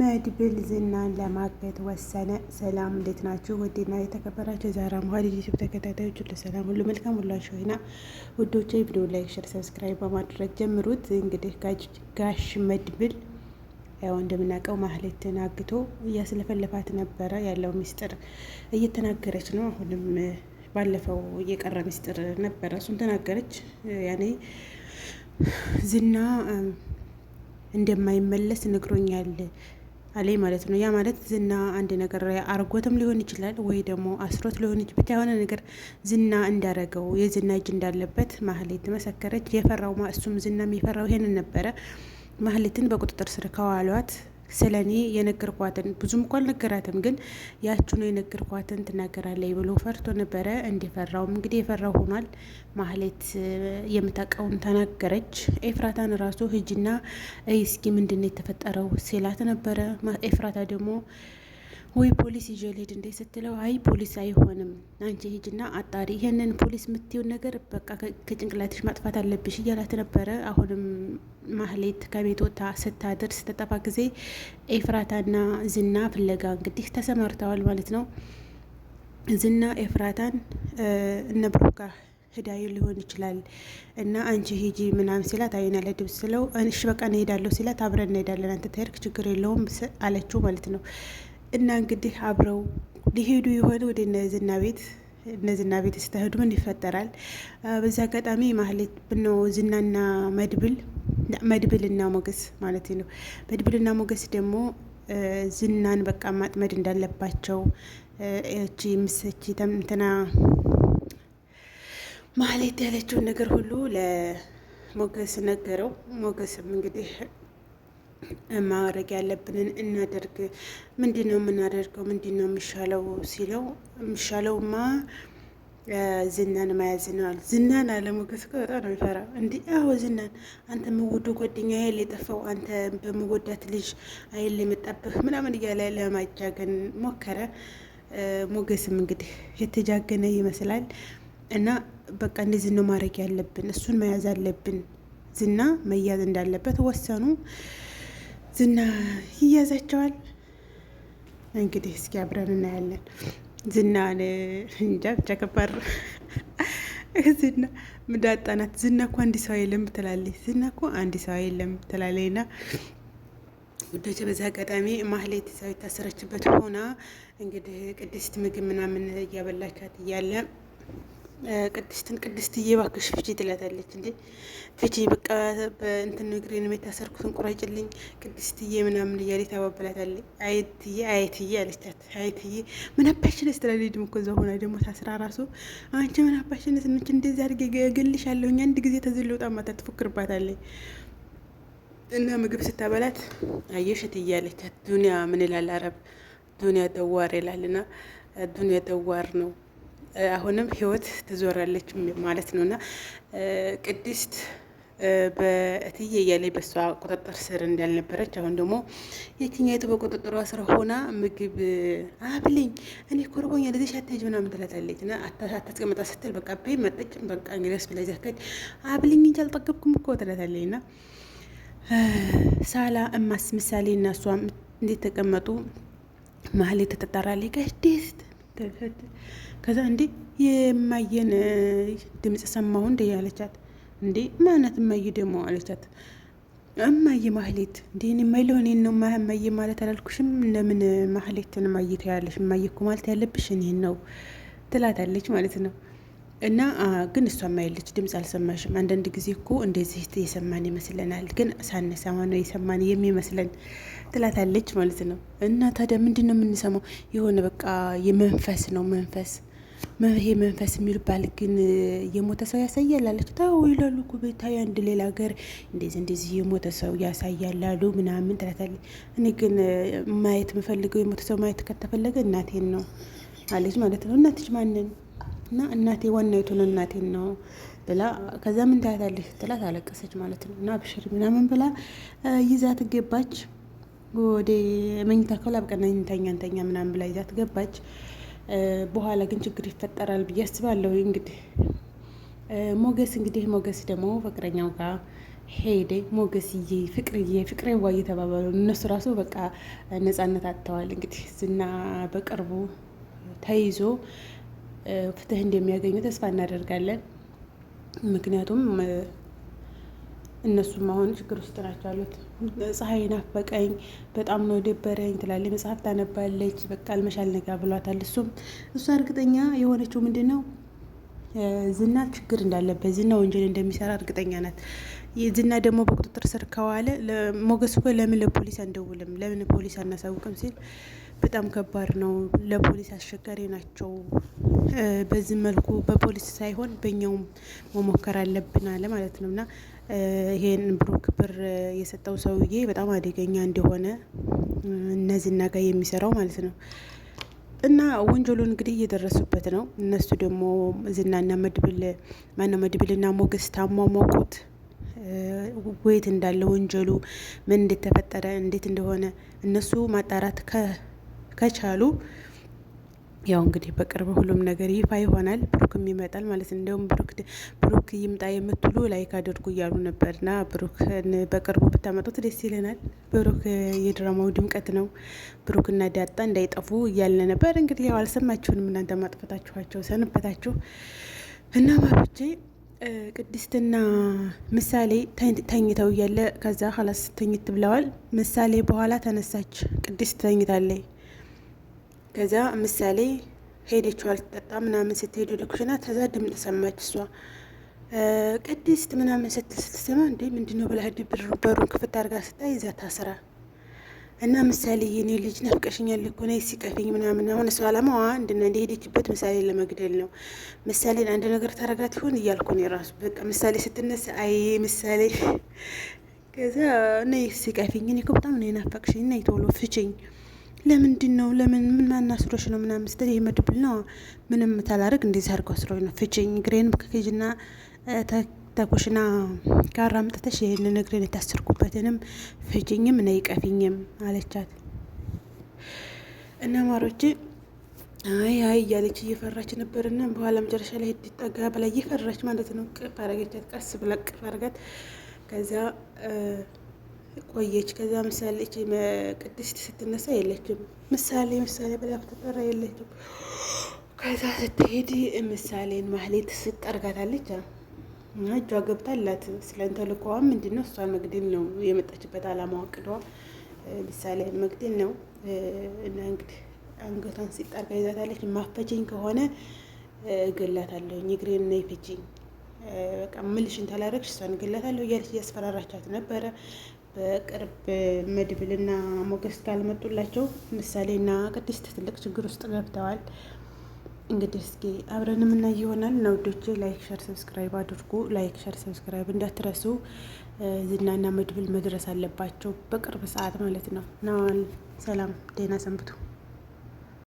መድብል ዝናን ለማገት ወሰነ። ሰላም እንዴት ናችሁ? ውድና የተከበራችሁ የዛራ መሀል ዩቱብ ተከታታዮች ሁሉ ሰላም ሁሉ መልካም ሁላችሁ ሆይና ውዶቼ፣ ቪዲዮ ላይክ፣ ሸር፣ ሰብስክራይብ በማድረግ ጀምሩት። እንግዲህ ጋሽ መድብል ያው እንደምናውቀው ማህሌትን አግቶ እያስለፈለፋት ነበረ። ያለው ሚስጥር እየተናገረች ነው። አሁንም ባለፈው እየቀረ ሚስጥር ነበረ፣ እሱን ተናገረች። ያኔ ዝና እንደማይመለስ ንግሮኛል። አሌ ማለት ነው። ያ ማለት ዝና አንድ ነገር አርጎትም ሊሆን ይችላል ወይ ደግሞ አስሮት ሊሆን ይችላል። ብቻ የሆነ ነገር ዝና እንዳረገው የዝና እጅ እንዳለበት ማህሌት መሰከረች። የፈራው እሱም ዝና የሚፈራው ይሄንን ነበረ። ማህሌትን በቁጥጥር ስር ከዋሏት ስለ እኔ የነገርኳትን ብዙም እንኳ አልነገራትም፣ ግን ያችኑ የነገርኳትን ትናገራለች ብሎ ፈርቶ ነበረ። እንዲፈራውም እንግዲህ የፈራው ሆኗል። ማህሌት የምታውቀውን ተናገረች። ኤፍራታን ራሱ ሂጂና እስኪ ምንድን ነው የተፈጠረው ሲላት ነበረ። ኤፍራታ ደግሞ ወይ ፖሊስ ይዤ ልሂድ እንዴ ስትለው አይ ፖሊስ አይሆንም፣ አንቺ ሂጅና አጣሪ፣ ይሄንን ፖሊስ የምትይውን ነገር በቃ ከጭንቅላትሽ ማጥፋት አለብሽ እያላት ነበረ። አሁንም ማህሌት ከቤት ወጥታ ስታድር ስተጠፋ ጊዜ ኤፍራታና ዝና ፍለጋ እንግዲህ ተሰማርተዋል ማለት ነው። ዝና ኤፍራታን እነ ብሩክ ህዳዩ ሊሆን ይችላል እና አንቺ ሂጂ ምናምን ሲላት አይን ለድብ ስለው እሺ በቃ እንሄዳለሁ ሲላት አብረን እንሄዳለን አንተ ተርክ ችግር የለውም አለችው ማለት ነው። እና እንግዲህ አብረው ሊሄዱ የሆነ ወደ እነዝና ቤት እነዝና ቤት ስተሄዱ ምን ይፈጠራል? በዚህ አጋጣሚ ማህሌት ብነው ዝናና መድብል መድብልና ሞገስ ማለት ነው። መድብልና ሞገስ ደግሞ ዝናን በቃ ማጥመድ እንዳለባቸው ቺ ምስቺ ተምትና ማህሌት ያለችውን ነገር ሁሉ ለሞገስ ነገረው። ሞገስም እንግዲህ ማድረግ ያለብንን እናደርግ። ምንድን ነው የምናደርገው? ምንድን ነው የሚሻለው ሲለው የሚሻለውማ ዝናን መያዝ ነዋል። ዝናን አለሞገስ እኮ በጣም ነው የሚፈራ። እንዲ አዎ ዝናን አንተ የምወዱ ጓደኛ አይደል የጠፋው አንተ በምወዳት ልጅ አይል የመጣብህ ምናምን እያለ ለማጃገን ሞከረ። ሞገስም እንግዲህ የተጃገነ ይመስላል። እና በቃ እንደዚህ ነው ማድረግ ያለብን፣ እሱን መያዝ አለብን። ዝና መያዝ እንዳለበት ወሰኑ። ዝና ይያዛቸዋል። እንግዲህ እስኪ አብረን እናያለን። ዝና እንጃ ብቻ ከባድ ዝና ምዳጣናት ዝና እኮ አንድ ሰው የለም ትላለች። ዝና እኮ አንድ ሰው የለም ትላለች። እና ውዶች በዚህ አጋጣሚ ማህሌት ሰው የታሰረችበት ሆና እንግዲህ ቅድስት ምግብ ምናምን እያበላቻት እያለ ቅድስትን ቅድስትዬ እባክሽ ፍቺ ትላታለች። እንዴ ፍቺ በቃ በእንትን እግሬን የታሰርኩትን ቁረጭልኝ ቅድስትዬ ምናምን እያለ ታባብላታለች። አየትዬ አየትዬ አለቻት። አየትዬ ምን አባሽነሽ ትላለች። ድም እኮ እዛ ሆና ደግሞ ታስራ ራሱ አንቺ ምን አባሽነሽ ምንች እንደዚህ አድርጌ እገልሻለሁኝ አንድ ጊዜ ተዝሎ ማታ ትፎክርባታለች። እና ምግብ ስታበላት አየሽ እትዬ አለቻት። ዱኒያ ምን ይላል አረብ ዱኒያ ደዋር ይላል። እና ዱኒያ ደዋር ነው አሁንም ህይወት ትዞራለች ማለት ነው እና ቅድስት በእትዬ እያለ በእሷ ቁጥጥር ስር እንዳልነበረች አሁን ደግሞ የትኛይቱ በቁጥጥሯ ስር ሆና ምግብ አብልኝ እኔ ኮርቦኛ ለዚህ አትሄጂ ምናምን ትላታለች እና አታስቀምጣ ስትል በቃ ቤ መጠጭም በቃ እንግዲያስ ብላ ጃከች አብልኝ እንጂ አልጠገብኩም እኮ ትላታለች እና ሳላ እማስ ምሳሌ እና እሷም እንዴት ተቀመጡ መሀል ተጠጣራለች ቅድስት ከዛ እንዴ የማየን ድምፅ ሰማሁ እንዴ ያለቻት። እንዴ ማነት እማየ ደግሞ አለቻት። እማየ ማህሌት እንዴ የማይለው እኔን ነው እማየ ማለት አላልኩሽም? እንደምን ማህሌትን እማየ ትያለሽ? እማየ እኮ ማለት ያለብሽ እኔን ነው ትላታለች ማለት ነው። እና ግን እሷ ማይልች ድምፅ አልሰማሽም። አንዳንድ ጊዜ እኮ እንደዚህ የሰማን ይመስለናል፣ ግን ሳንሰማ ነው የሰማን የሚመስለን ትላታለች ማለት ነው። እና ታዲያ ምንድን ነው የምንሰማው? የሆነ በቃ የመንፈስ ነው መንፈስ ይሄ መንፈስ የሚባል ግን የሞተ ሰው ያሳያል አለች። ታው ይላሉ እኮ ቤታይ አንድ ሌላ ሀገር እንደዚህ እንደዚህ የሞተ ሰው ያሳያል አሉ ምናምን ትላታለች። እኔ ግን ማየት የምፈልገው የሞተ ሰው ማየት ከተፈለገ እናቴን ነው አለች ማለት ነው። እናትች ማንን እና እናቴ ዋና የቱን እናቴን ነው ብላ ከዛ ምን ታያታለች ስትላት አለቀሰች ማለት ነው። እና ብሽር ምናምን ብላ ይዛት ገባች ወደ መኝታ ክፍል አብቀና እንተኛ እንተኛ ምናምን ብላ ይዛት ገባች። በኋላ ግን ችግር ይፈጠራል ብዬ አስባለሁ። እንግዲህ ሞገስ እንግዲህ ሞገስ ደግሞ ፍቅረኛው ጋር ሄደ። ሞገስዬ ፍቅርዬ ፍቅሬዋ እየተባባሉ እነሱ ራሱ በቃ ነጻነት አጥተዋል። እንግዲህ ዝና በቅርቡ ተይዞ ፍትህ እንደሚያገኙ ተስፋ እናደርጋለን። ምክንያቱም እነሱም አሁን ችግር ውስጥ ናቸው አሉት። ፀሐይ ናፈቀኝ፣ በጣም ነው ደበረኝ ትላለች። መጽሐፍ ታነባለች። በቃ አልመሻል ነጋ ብሏታል። እሱም እሷ እርግጠኛ የሆነችው ምንድን ነው ዝና ችግር እንዳለበት ዝና ወንጀል እንደሚሰራ እርግጠኛ ናት። ዝና ደግሞ በቁጥጥር ስር ከዋለ ሞገስ እኮ ለምን ለፖሊስ አንደውልም፣ ለምን ፖሊስ አናሳውቅም ሲል በጣም ከባድ ነው። ለፖሊስ አስቸጋሪ ናቸው። በዚህ መልኩ በፖሊስ ሳይሆን በእኛውም መሞከር አለብን አለ ማለት ነው። እና ይሄን ብሩክ ብር የሰጠው ሰውዬ በጣም አደገኛ እንደሆነ እነዚህና ጋር የሚሰራው ማለት ነው እና ወንጀሉ እንግዲህ እየደረሱበት ነው። እነሱ ደግሞ ዝናና መድብል ማነው መድብልና ሞገስ ታሟሟቁት ወየት እንዳለ ወንጀሉ ምን እንደተፈጠረ እንዴት እንደሆነ እነሱ ማጣራት ከቻሉ ያው እንግዲህ በቅርብ ሁሉም ነገር ይፋ ይሆናል። ብሩክም ይመጣል ማለት ነው። እንዲሁም ብሩክ ይምጣ የምትሉ ላይክ አድርጉ እያሉ ና ብሩክን በቅርቡ ብታመጡት ደስ ይለናል። ብሩክ የድራማው ድምቀት ነው። ብሩክና ዳጣ እንዳይጠፉ እያልን ነበር። እንግዲህ ያው አልሰማችሁንም እናንተ ማጥፋታችኋቸው ሰንበታችሁ እና ማሮቼ ቅድስትና ምሳሌ ተኝተው እያለ ከዛ ኋላስ ተኝት ብለዋል። ምሳሌ በኋላ ተነሳች። ቅድስት ተኝታለች። ከዛ ምሳሌ ሄደችዋል ትጠጣ ምናምን ስትሄድ ወደ ኩሽና ከዛ ድምፅ ሰማች እሷ ቅድስት ምናምን ስትል ስትሰማ እንዴ ምንድነው ብላ ድብር በሩን ክፍት አድርጋ ስታይ ይዛ ታስራ እና ምሳሌ የኔ ልጅ ናፍቀሽኛል እኮ ነይ ሲቀፊኝ ምናምን። አሁን እሷ አላማዋ እንድና እንደሄደችበት ምሳሌ ለመግደል ነው። ምሳሌን አንድ ነገር ታረጋት ይሆን እያልኩ ነው የራሱ በቃ ምሳሌ ስትነሳ አይ ምሳሌ ከዛ ነይ ሲቀፊኝ እኔ እኮ በጣም ነው የናፈቅሽኝ ነይ ቶሎ ፍችኝ ለምንድን ነው ለምን ምን ማናስሮች ነው ምናምን ስትል የመድብል ነው ምንም ታላርግ እንደዚህ አድርገው አስሮች ነው ፍችኝ እግሬን ከኬጅና ተኩሽና ጋር አምጥተሽ ይህንን እግሬን የታሰርኩበትንም ፍችኝም እና ይቀፊኝም አለቻት። እና ማሮቼ አይ አይ እያለች እየፈራች ነበርና በኋላ መጨረሻ ላይ ሄድ በላይ እየፈራች ማለት ነው። ቅፍ አረገቻት። ቀስ ብላ ቅፍ አረጋት ከዚያ ቆየች። ከዛ ምሳሌ ቅድስት ስትነሳ የለችም። ምሳሌ ምሳሌ ብላ ብትጠራ የለችም። ከዛ ስትሄድ ምሳሌን ማህሌት ስጠርጋታለች እና እጇ ገብታላት ስለንተ ልኮዋ ምንድን ነው? እሷን መግደል ነው የመጣችበት አላማ ዋቅዷ ምሳሌን መግደል ነው እና እንግዲህ አንገቷን ሲጠርጋ ይዛታለች። ማፈችኝ ከሆነ እገላታለሁኝ፣ እግሬን ነይ ፍችኝ፣ በቃ ምልሽን ታላረግሽ እሷን እገላታለሁ እያለች እያስፈራራቻት ነበረ። በቅርብ መድብልና ሞገስ ካልመጡላቸው ምሳሌና ቅድስት ትልቅ ችግር ውስጥ ገብተዋል። እንግዲህ እስኪ አብረን የምናይ ይሆናል እና ላይክ ሸር ሰብስክራይብ አድርጉ። ላይክ ሸር ሰብስክራይብ እንዳትረሱ። ዝናና መድብል መድረስ አለባቸው በቅርብ ሰዓት ማለት ነው። ናዋል ሰላም፣ ደህና ሰንብቱ።